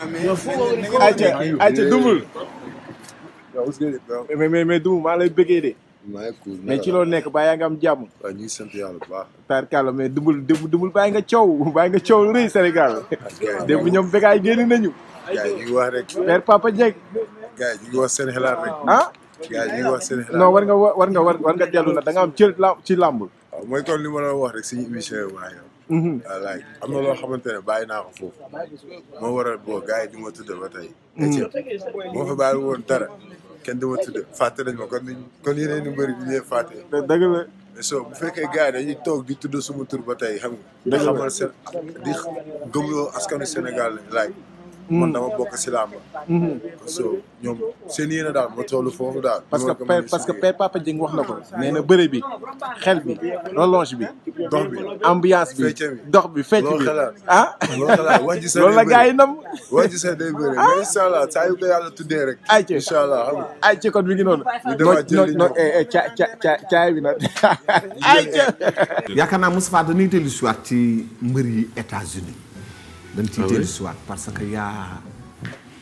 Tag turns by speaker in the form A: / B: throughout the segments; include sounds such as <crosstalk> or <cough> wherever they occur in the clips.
A: ayca ayca Double. mais mais mais Double maa lay bëggee de. mais ci lool nekk baa yaa ngi am jàmm. waaw ñu ngi sant yàlla bu baax. tarkalla mais Double Double bàyyi nga coow <laughs> bàyyi nga coow rëy Sénégal. <laughs> <laughs> démb ñoom bégaay génn nañu. gars yi ñu ngi wax rek. Papa Dieng. gars yi wax seen rek. ah. gars yi wax seen xalaat war nga war nga war nga dellu na da am cër ci làmb. mooy comme li ma la wax rek suñu émission yi Mm-hmm. like am na loo xamante ne bàyyi naa ko foofu moo waral boo gars yi di ma tudde ba tey mm-hmm. moo fa bàyyi woon dara kenn di ma tudde fàtte nañ ma kon kon yeneen ñu bëri bi ñee fàtte dëgg la so bu fekkee gars yi dañuy toog di tudd suma tur ba tey xam nga di xamal di gëmloo askanu Sénégal like man dama mm. bokk si làmb so mm-hmm. ñoom seen yéene daal ma foofu daal parce que parce que père Papa Dieng wax na ko nee na bëre bi xel bi relonge bi dox bi ambiance bi dox bi fecc bi ah loolu la <laughs> gars yi nam wax ji sax day bëre mais saa yu ko yàlla tudde rek ay ci incha allah xam nga ay ci kon mi ngi noonu non eh, eh, ca ca ca caay bi nag ay yaakaar naa Moustapha dañuy dellu si waat ci mbër yi États-Unis dañ ciy dellu parce que yaa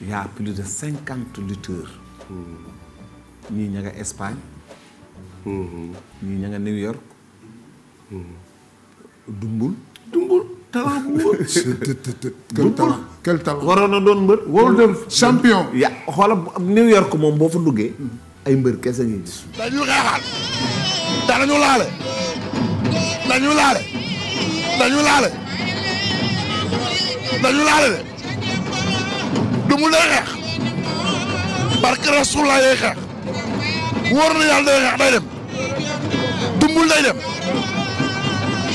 A: yaa plus de cinquante lutteurs ñii ña nga Espagne ñii ña New York dumbul dumbul talent bu wóor <laughs> quel talent quel talent waroon na doon mbër warul doon champion ya xoola New York moom boo fa duggee ay mbër kese ngay gis dañu xeexal dañu laale dañu laale dañu laale dañu laale de du mu day xeex barke Rasulullah day xeex wóor na yàlla day xeex day dem dumbul day dem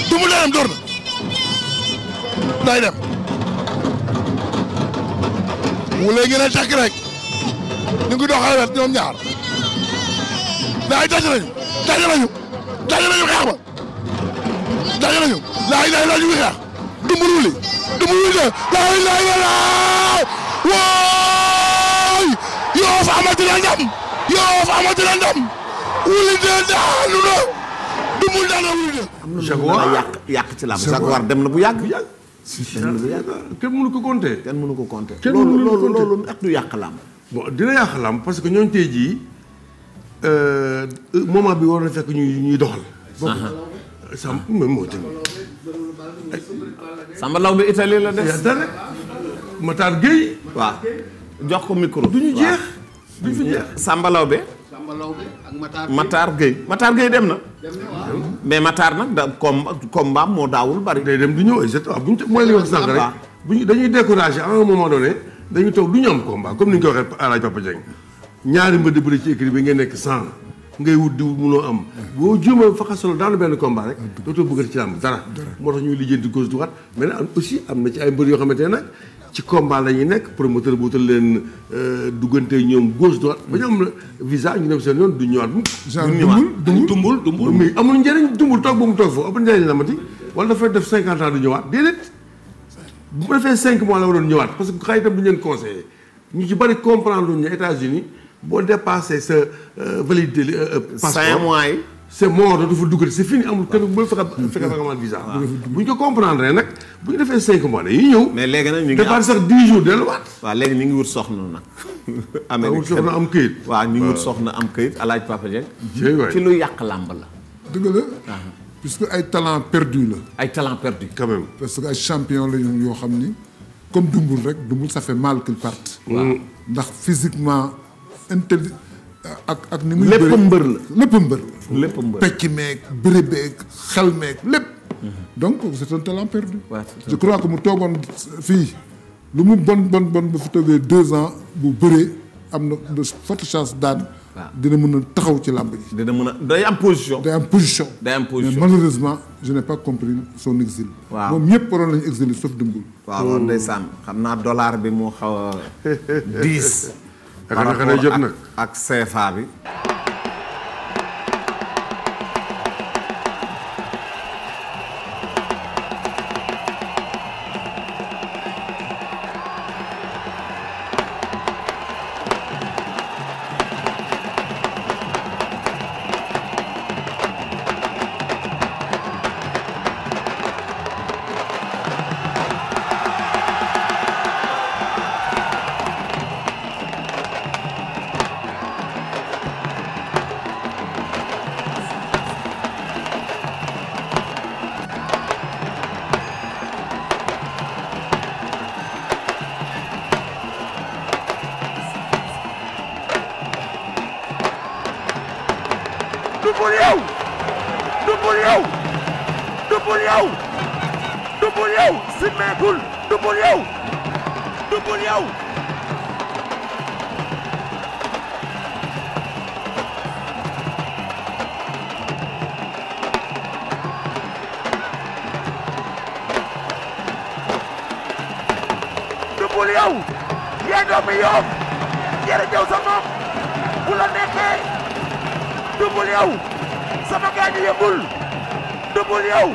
A: dumbul day dem door na day dem wala ngeen a takk rek ñu ngi doxal wet ñoom ñaar daay daje nañu daje nañu daje nañu xeex ba daje nañu laay laay lañu xeex dumbululi dumbululi de laa ilaaha illallaah waay Yoff amati na ndam Yoff amati na ndam wuli de daanu na dumbul daanu wuli de. Jaguar yàq yàq ci làmb Jaguar dem na bu yàgg. dem na bu yàgg kenn mënu ko compter. kenn mënu ko compter loolu loolu loolu ak du yàq làmb. bon dina yàq làmb parce que ñooñu tey jii euh, euh, moment bi war na fekk ñuy ñuy doxal. sam mais moo tamit. Samba Law bi Italie la des. dana Matar Gueye. waaw jox ko micro. du ñu jeex du ñu fi jeex. Samba Law be. Samba Law be ak Matar Gueye Matar Gueye. Matar Gueye dem na. mais Matar nag da comme comme baam moo daawul bari. day dem du ñëw exactement bu ñu mooy li bu ñu dañuy découragé à un moment donné dañu toog du ñu am combat comme ni ñu ko waxee El Papa Dieng ñaari mbënd bëri ci écrit bi ngeen nekk 100. ngay wut di wut munoo am boo jéemal faxasolo daanu benn combat rek dootoo bëggati ci làmb tax ñuy lijjanti gauche droite mais nag aussi am na ci ay mbër yoo xamante ne nag ci combat la ñuy nekk promoteur bu leen euh, duggante ñoom gauche droite ba ñu am visa ñu du ñëwaat mu dumbul dumbul amul njëriñ dumbul toog ba mu toog foofu amul njëriñ la mati wala dafay def cinquante ans du ñëwaat déedéet bu defee cinq mois la waroon ñëwaat parce que xay itam du ñu leen ñu ci bari comprendre luñ ne états boo dépassé sa euh, validité euh, euh, passeport cinq mois yi. c'est mort dafa duggati c'est fini amul kenn bu <laughs> ñu ko comprendre nag bu ñu defee cinq mois dañuy ñëw. mais léegi nag ñu ngi am sax dix jours delluwaat. waaw léegi ñu ngi wut soxna nag. <laughs> américaine wut soxna am këyit. waaw ñu ngi wut soxna am këyit El Hadj Papa Dieng. ci lu yàq làmb la. dëgg la. Ah. puisque ay talent perdu la. ay talent perdu. quand même parce que ay champion la yoo xam ni comme Dumbul rek Dumbul ça fait mal qu'il parte. ndax physiquement. interdit ak ak ni muy. lépp mbër la lépp mbër la. lépp mbër pecc meeg bëre xel meeg lépp. Mhm. donc c'est un talent perdu. je crois que mu toogoon fii lu mu bon bon bon bu fi toogee deux bu bëree am na de forte chance daan. dina mën a taxaw ci làmb ji. dina mën a day am position. day am position. day am position mais malheureusement je n'ai pas compris son exil. waaw moom ñëpp waroon oh. xam naa dollar bi moo xaw <laughs> diis. ak xanaa jot nag ak CFA bi dubul yow dubul yow dubul yow dubul yow dubul yow dubul yow yee doomi Yoff dubul yow sama gaañu yëngul dëbbul yow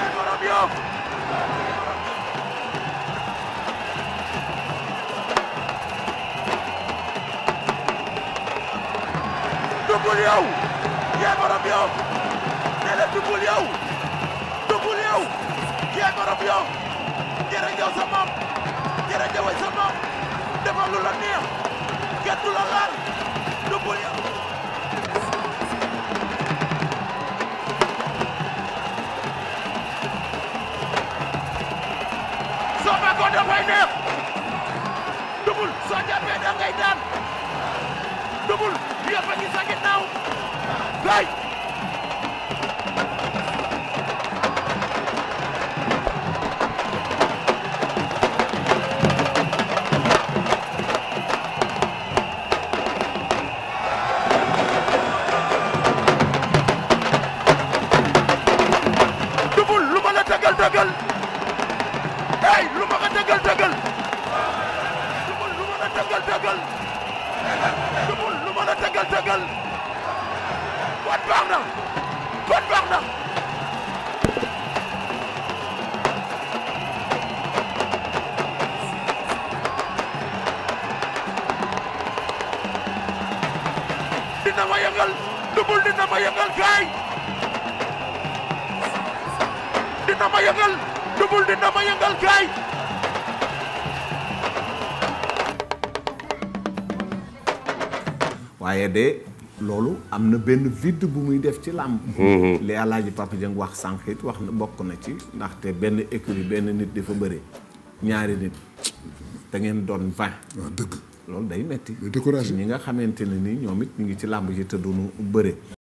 A: yéen borom Yoff dëbbul yow yéen borom Yoff ne la dëbbul yow dëbbul yow yéen borom Yoff la la laal dëbbul da koy neex dugul soo jàppee ngay daan dugul yëpp a ngi sa ginnaaw hey lu ma ko dëggal dëggal dumul lu ma la dëggal dëggal dumul lu ma la dëggal dëggal kon baax na kon baax na dina ma yëngal dumul dina ma yëngal gaay dina ma yëngal Double Lune dama yëngal waaye de loolu am na benn vide bu muy def ci làmb mhm. li Alaaji Papa Dieng wax sànq wax na bokk na ci ndaxte benn écurie benn nit dafa bëre ñaari nit da ngeen doon vingt waaw loolu day metti découragé ñi nga xamante ne ni ñoom it ñu ngi ci làmb ji te duñu bëre